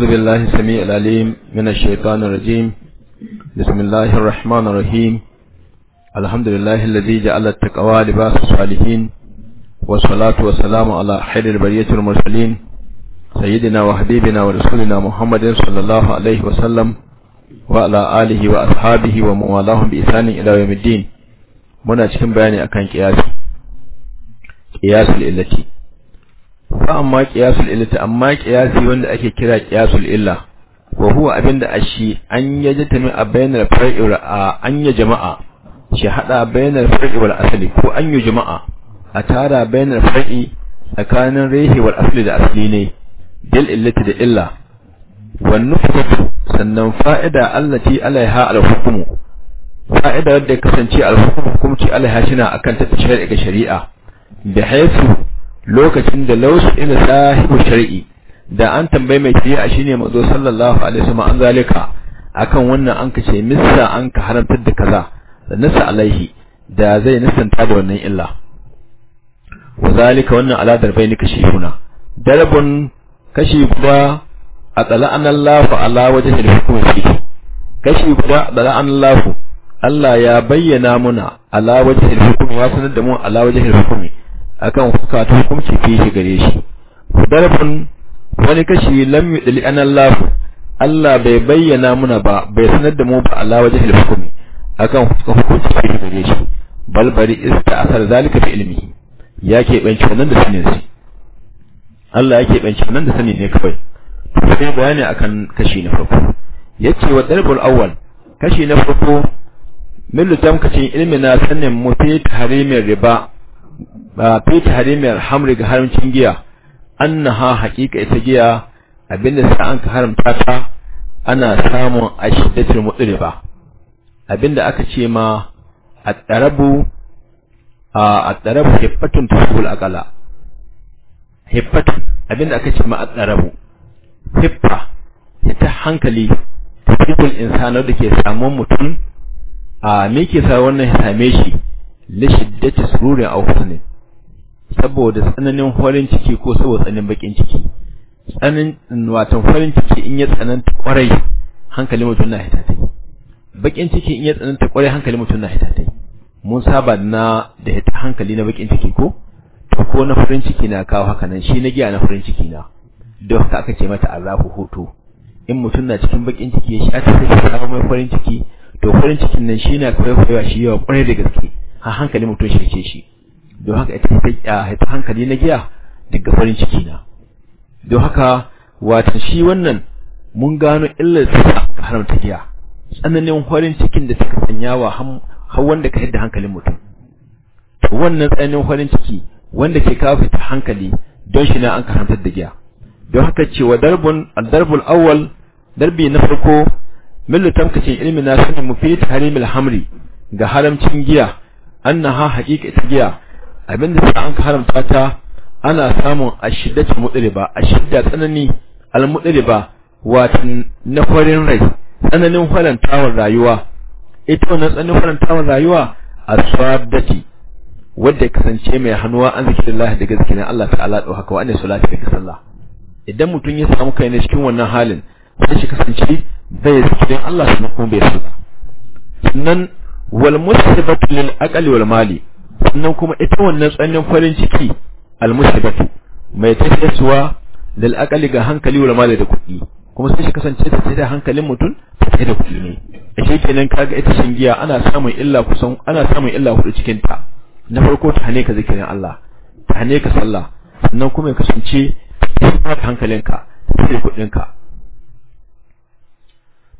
أعوذ بالله السميع العليم من الشيطان الرجيم بسم الله الرحمن الرحيم الحمد لله الذي جعل التقوى لباس الصالحين والصلاة والسلام على خير البرية المرسلين سيدنا وحبيبنا ورسولنا محمد صلى الله عليه وسلم وعلى آله وأصحابه وموالاهم بإحسان إلى يوم الدين muna cikin bayani akan kiyasi kiyasul illati wa amma qiyasul illati amma qiyasi wanda ake kira qiyasul illa wa huwa abinda ashi an yajtami a bainal far'i wal an jama'a shi hada bainal far'i wal asli ko an jama'a a tara bainal far'i tsakanin rehi wal asli da asli ne dil illati da illa wan nufatu sannan fa'ida allati alaiha al hukmu fa'ida wadda kasance al hukmu hukumci alaiha shina akan ta shari'a da haisu lokacin da lausu ila sahibu shar'i da an tambaye mai shari'a shine mazo sallallahu alaihi wasallam an zalika akan wannan an kace missa an ka haramtar da kaza da nasa alaihi da zai nisanta da wannan illa wa zalika wannan ala darbaini kashi huna darbun kashi guda a tsala'an Allah ala wajen da hukumar fi kashi guda tsala'an Allah Allah ya bayyana muna ala wajen da hukumi ya sanar da mu ala wajen da hukumi akan hukata hukunci fi shi gare shi darbun wani kashi lam yudli an Allah bai bayyana muna ba bai sanar da mu ba ala wajhil hukumi akan hukunci fi shi gare shi bal bari ista'sar zalika bi ilmihi ya keɓance nan da sanin shi Allah ya keɓance nan da sanin ne kawai sai bayani akan kashi na farko yace wa darbul awwal kashi na farko Mille lutam kacin ilmi na sanin mu fi mai riba fi tahrimil hamri ga haramcin giya annaha haqiqa ita giya abinda sai an ka haramta ta ana samun ashiddatul mudriba abinda aka ce ma at-tarabu at-tarabu hibbatun tusbul aqala hibbatun abinda aka ce ma at-tarabu hibba ta hankali tusbul insana da ke samun mutum a me ke sa wannan same shi li shiddati sururin aw husni saboda tsananin farin ciki ko saboda tsananin bakin ciki tsananin watan farin ciki in ya tsananta kwarai hankalin mutum na hita tai bakin ciki in ya tsananta kwarai hankalin mutum na hita tai mun saba na da hita hankali na bakin ciki ko to ko na farin ciki na kawo haka nan shi na giya na farin ciki na don haka aka ce mata allahu hoto in mutum na cikin bakin ciki ya shi aka sai samu mai farin ciki to farin cikin nan shi na kawai kawai shi yawa kwarai da gaske ha hankali mutum shi shi don haka ita ta hankali na giya daga farin ciki na don haka wata shi wannan mun gano illar da haramta giya tsananin farin cikin da suka sanya wa har wanda ka yadda hankalin mutum wannan tsananin farin ciki wanda ke kawo fita hankali don shi na an ka karantar da giya don haka cewa darbun darbul awwal darbi na farko millu kace ilmi na sunan mufid harimil hamri ga haramcin giya annaha haqiqa ita giya abinda sai an haramta ta ana samun ashiddatu mudriba ashidda tsanani al mudriba wato na kwarin rai tsananin farantawar rayuwa ita wannan tsananin farantawar rayuwa asabdati wadda ya kasance mai hannuwa an zikirillah da gaskiya Allah ta'ala dau haka wa ne salati ka sallah idan mutum ya samu kai ne cikin wannan halin sai shi kasance bai zikirin Allah sannan kuma bai sallah sannan wal musibatu lil aqli wal mali sannan kuma ita wannan tsannin farin ciki al musibatu mai tafiyarwa lil aqli ga hankali wal mali da kuɗi kuma sai shi kasance ta tsaye da hankalin mutum ta tsaye da kuɗi ne a shi kenan kaga ita shingiya ana samun illa kusan ana samun illa hudu cikin ta na farko ta hane ka zikirin Allah ta hane ka sallah sannan kuma ya kasance ta hankalinka ta tsaye kuɗinka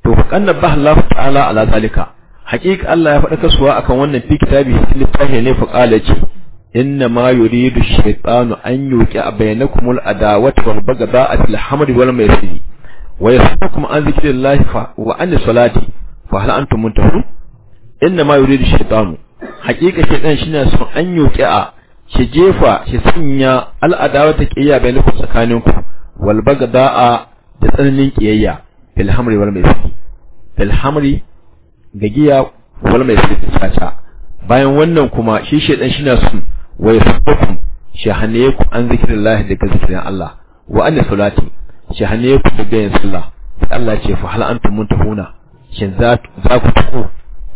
to kan kanna Allah ta'ala ala zalika hakika Allah ya faɗa kasuwa akan wannan fi kitabi littafi ne fa qala ce inna ma yuridu shaytanu an yuqi'a bainakumul adawata wal baghdha fil hamri wal maisiri wa yasuddukum an zikrillahi fa wa an salati fa hal antum muntahun inna ma yuridu shaytanu haƙiƙa shaytan shine son an a shi jefa shi sanya al'adawa ta kiyayya bainakum tsakaninku wal baghdha da tsananin kiyayya fil hamri wal maisiri fil hamri da giya wal mai tsaka bayan wannan kuma shi shedan shi na su wa yasabbukum shahaneku an zikrillah da zikirin Allah wa anna salati shahaneku da yin sallah Allah ce fa hal antum muntahuna shin za ku tuko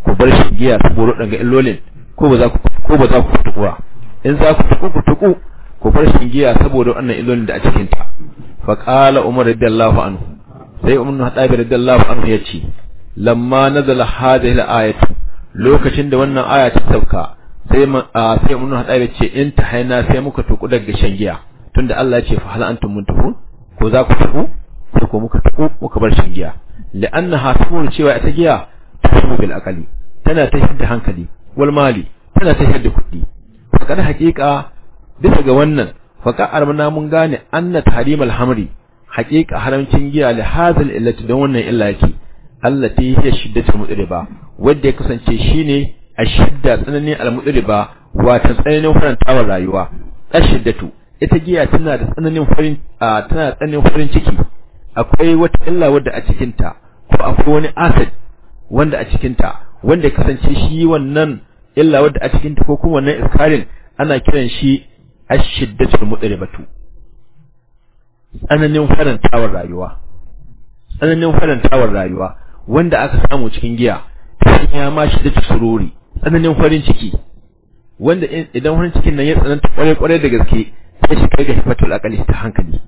ku bar shi giya ku buru daga illolin ko ba za ku ko ba za ku tukuwa in za ku tuku ku tuku ku bar shi giya saboda wannan illolin da a cikin ta fa qala umar radiyallahu anhu sai umar radiyallahu anhu ya ce lamma nazala hadhihi al-ayat lokacin da wannan aya ta sauka sai sai mun hada da ce in ta haina sai muka tuku daga shangiya tunda Allah ya ce fa hal antum muntahun ko za ku tuku sai ko muka tuku muka bar shangiya li'annaha saboda cewa ita giya tuku bil aqali tana ta da hankali wal mali tana ta da kuɗi kada haƙiƙa bisa ga wannan faka armana mun gane anna tahrimal hamri haƙiƙa haramcin giya li hadhal illati don wannan illa yake allati hiya shiddatul mudriba wanda ya kasance shine ashidda tsananin al-mudriba wato tsananin tawa rayuwa ashiddatu ita giya tana da tsananin farin tana tsananin farin ciki akwai wata illa wadda a cikin ta ko akwai wani asid wanda a cikin ta wanda ya kasance shi wannan illa wadda a cikin ta ko kuma wannan iskarin ana kiran shi ashiddatul mudribatu tsananin tawa rayuwa tsananin farantawar rayuwa wanda aka samu cikin giya ya ma shi da sururi tsananin farin ciki wanda idan farin cikin nan ya tsananta kwarai kwarai da gaske sai shi kai ga hifatul aqali ta hankali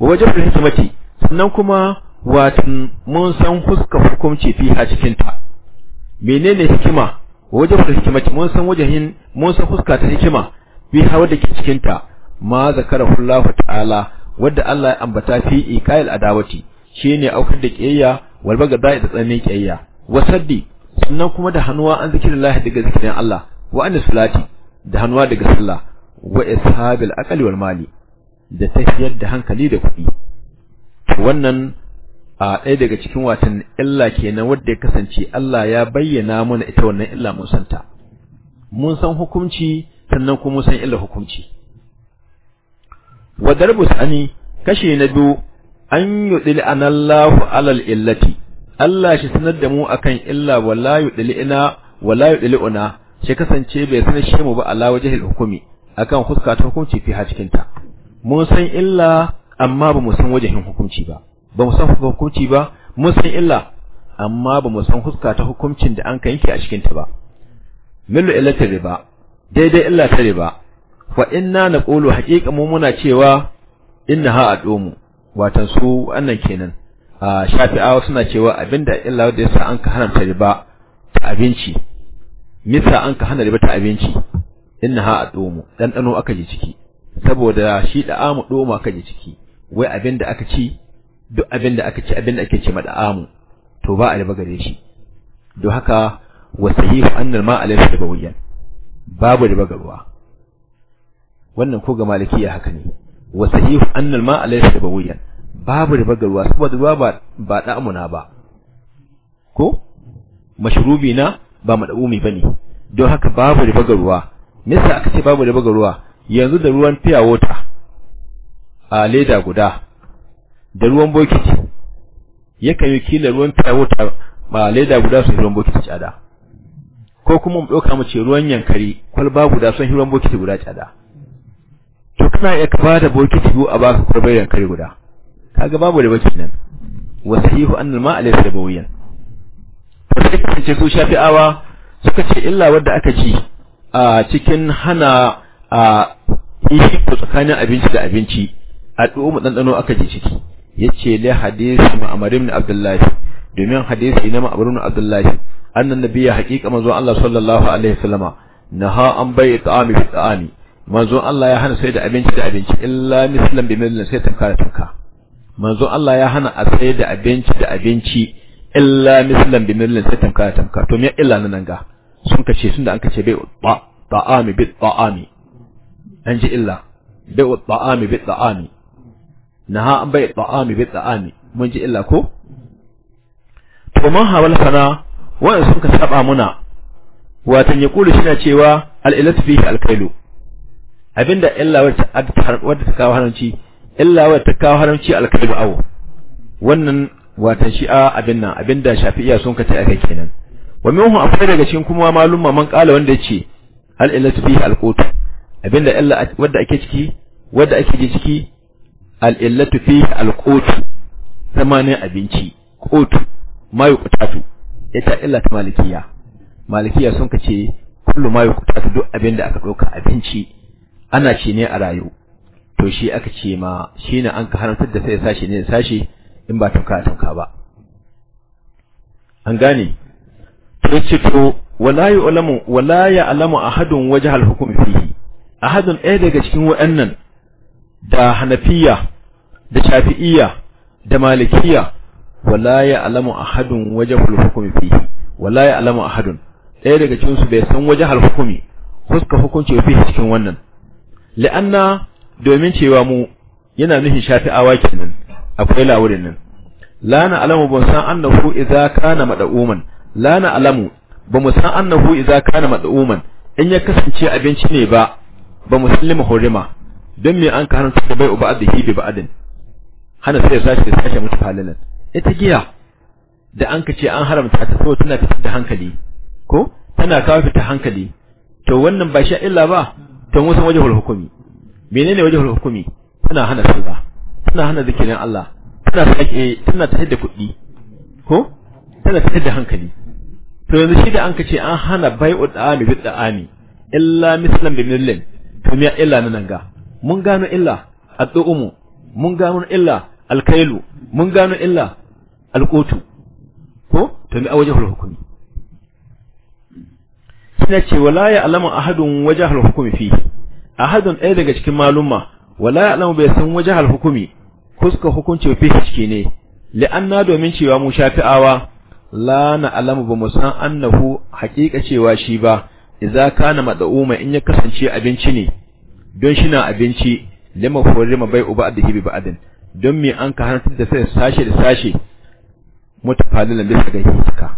wa wajibul hikmati sannan kuma watan mun san huska hukunci fi ha cikin ta menene hikima wajibul hikmati mun san wajahin mun san huska ta hikima fi hawa da ke cikin ta ma zakarahu Allah ta'ala wadda Allah ya ambata fi iqail adawati shine aukar da kiyayya wal baga da tsamin kiyayya wasaddi sannan kuma da hannuwa an zikirillahi daga zikirin Allah wa an salati da hannuwa daga sallah wa ishabil aqli wal mali da tafiyar da hankali da kuɗi wannan a ɗaya daga cikin watan illa kenan wanda ya kasance Allah ya bayyana mana ita wannan illa mun santa mun san hukunci sannan kuma mun san illa hukunci wa darbus ani kashe na biyu an yudil anallahu alal illati Allah shi sanar da mu akan illa wala yudil ina wala yudil una shi kasance bai sanar shi mu ba ala jihar hukumi akan huska ta hukunci fi cikin ta mun san illa amma ba mu san wajen hukunci ba ba mu san hukunci ba mun san illa amma ba mu san huska ta hukuncin da an yanke a cikin ta ba millu illatir riba daidai illa ta riba wa inna naqulu haqiqa mu muna cewa innaha adumu watan su wannan kenan a shafi'awa suna cewa abinda illa ya sa an ka haramta riba ta abinci misa an ka hana riba ta abinci innaha adumu dan dano aka ji ciki saboda shi da amu doma aka ji ciki wai abinda aka ci duk abinda aka ci abinda ake ce mada amu to ba a riba gare shi don haka wa sahihu annal ma alaysa babu riba ga ruwa wannan ko ga malikiya haka ne wa sahihu anna al-ma'a laysa babu riba ga saboda ruwa ba ba da'amuna ba ko mashrubi na ba madabumi do haka babu riba ga me yasa aka ce babu riba ga yanzu da ruwan pure water a leda guda da ruwan bokiti yakan yi kila ruwan pure water ba leda guda su ruwan bokiti tsada ko kuma mu dauka mu ce ruwan yankari kwalba guda sun ruwan bokiti guda tsada kana iya ka bada bokiti biyu a baka kurbayar kare guda kaga babu da bakin nan wa sahihu annal ma alaysa sabawiyan to sai kace su shafi'awa suka ce illa wadda aka ji a cikin hana a ishi tsakanin abinci da abinci a mu ɗanɗano aka ji ciki yace la hadisi ma'amar ibn abdullahi domin hadisi na ma'amar ibn abdullahi annan nabiyya haqiqa manzo Allah sallallahu alaihi wasallama naha an bai ta'ami fi ta'ami manzon Allah ya hana sai da abinci da abinci illa mislan bi mislan sai tamka da tamka manzon Allah ya hana a sai da abinci da abinci illa mislan bi mislan sai tamka da tamka to me illa nan ga sun kace sun da an kace bai ba ta'ami bi ta'ami an ji illa bai ta'ami bi ta'ami naha an bai ta'ami bi ta'ami mun ji illa ko to man hawal sana wa'in sun ka saba muna watan ya kulu shi na cewa al'ilatu fihi alkailu abinda illa wadda ta kawo haramci illa wadda ta kawo haramci alkalbu awo wannan watan shi'a abin nan abinda shafi'iya sun kace aka kenan wa minhu akwai daga cikin kuma malumma man kala wanda yace al illatu fihi al qut abinda illa wadda ake ciki wadda ake ji ciki al illatu fihi al qut zamanin abinci qut ma yuqtatu ita illa ta malikiya malikiya sun kace kullu ma yuqtatu duk abinda aka dauka abinci ana shi ne a rayu to shi aka ce ma shi ne an ka harantar da sai sashi ne sashi in ba tauka tauka ba an gane to ce to wala ya'lamu wala ya'lamu ahadun wajhal hukm fihi ahadun ɗaya daga cikin waɗannan da hanafiya da shafi'iyya da malikiya wala ya'lamu ahadun wajhal hukm fihi wala ya'lamu ahadun ɗaya daga cikin su bai san wajhal hukmi huska hukunci fihi cikin wannan la'anna domin cewa mu yana nufin shafi'awa kenan akwai lawurin nan la na alamu ban san annahu idza kana mad'uman la na alamu ba mu san annahu idza kana mad'uman in ya kasance abinci ne ba ba muslimu hurima don me an ka hanta da bai uba da hibi ba'adin hana sai sashi da sashi mutu halalan ita giya da an kace an haramta ta so tana fitar da hankali ko tana kawo fitar hankali to wannan ba sha illa ba to tanwisin wajhul hukumi menene wajhul hukumi tana hana sallah tana hana zikirin Allah tana sake tana tafiyar da kuɗi ko tana tafiyar da hankali to yanzu shi da an kace an hana bai'u da'ami bid da'ami illa mislan bi millin to miya illa nan ga mun gano illa addu'umu mun gano illa alkailu mun gano illa alqutu ko to mi awajhul hukumi suna ce wala ya alama ahadun wajhul hukumi fihi ahadun ɗaya daga cikin malumma wala ya'lamu bai san wajhal hukumi kuska hukunci fi cike ne li'anna domin cewa mu shafi'awa la na'lamu ba mu san annahu haƙiƙa cewa shi ba idza kana mad'uma in ya kasance abinci ne don shi na abinci lima furima bai'u da hibi ba'din don me an ka hantar da sai sashe da sashe mutafalilan bisa ga hikka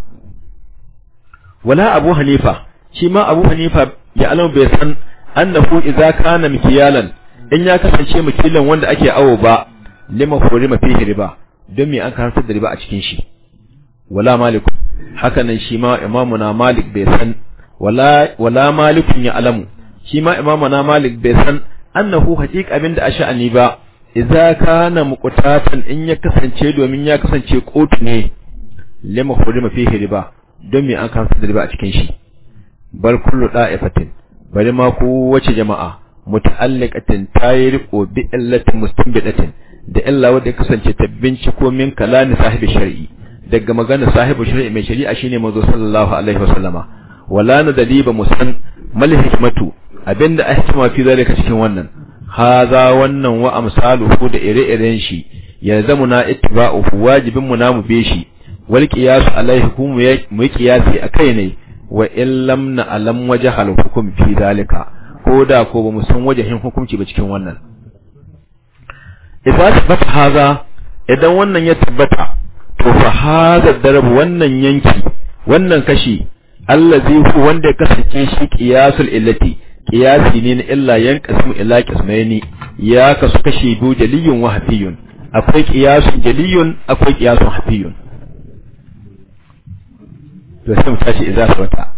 wala abu hanifa shi ma abu hanifa ya alamu bai san annahu idza kana mikyalan in ya kasance mikyalan wanda ake awo ba lima hurima fihi riba don me an karantar da riba a cikin shi wala malik hakanan shi ma imamuna malik bai san wala wala malikun ya alamu shi ma imamuna malik bai san annahu haqiqa abinda da ash'ani ba idza kana muqtatan in ya kasance domin ya kasance kotu ne lima hurima fihi riba don me an karantar da riba a cikin shi bal kullu da'ifatin bari ma ku wace jama'a muta'alliqatin tayriqu bi illati mustanbidatin da illa wanda kasance ta binciko min kalani sahibi shar'i daga magana sahibi shar'i mai shari'a shine manzo sallallahu alaihi wasallama wala na daliba musan mal hikmatu abinda a hikima fi zalika cikin wannan haza wannan wa amsaluhu da ire-iren shi yalzamu na ittiba'u wajibin mu namu be shi wal qiyas alaihi kum mu qiyasi akai ne wa in lam na alam wajhal hukum fi zalika ko da ko ba mu san wajahin hukunci ba cikin wannan idza tabbata haza idan wannan ya tabbata to fa haza darab wannan yanki wannan kashi allazi wanda ya kasance shi qiyasul illati qiyasi ne na illa yanqasmu ila qismaini ya kasu kashi biyu jaliyun wa hafiyun akwai qiyasun jaliyun akwai qiyasun hafiyun 对他们不写在说他。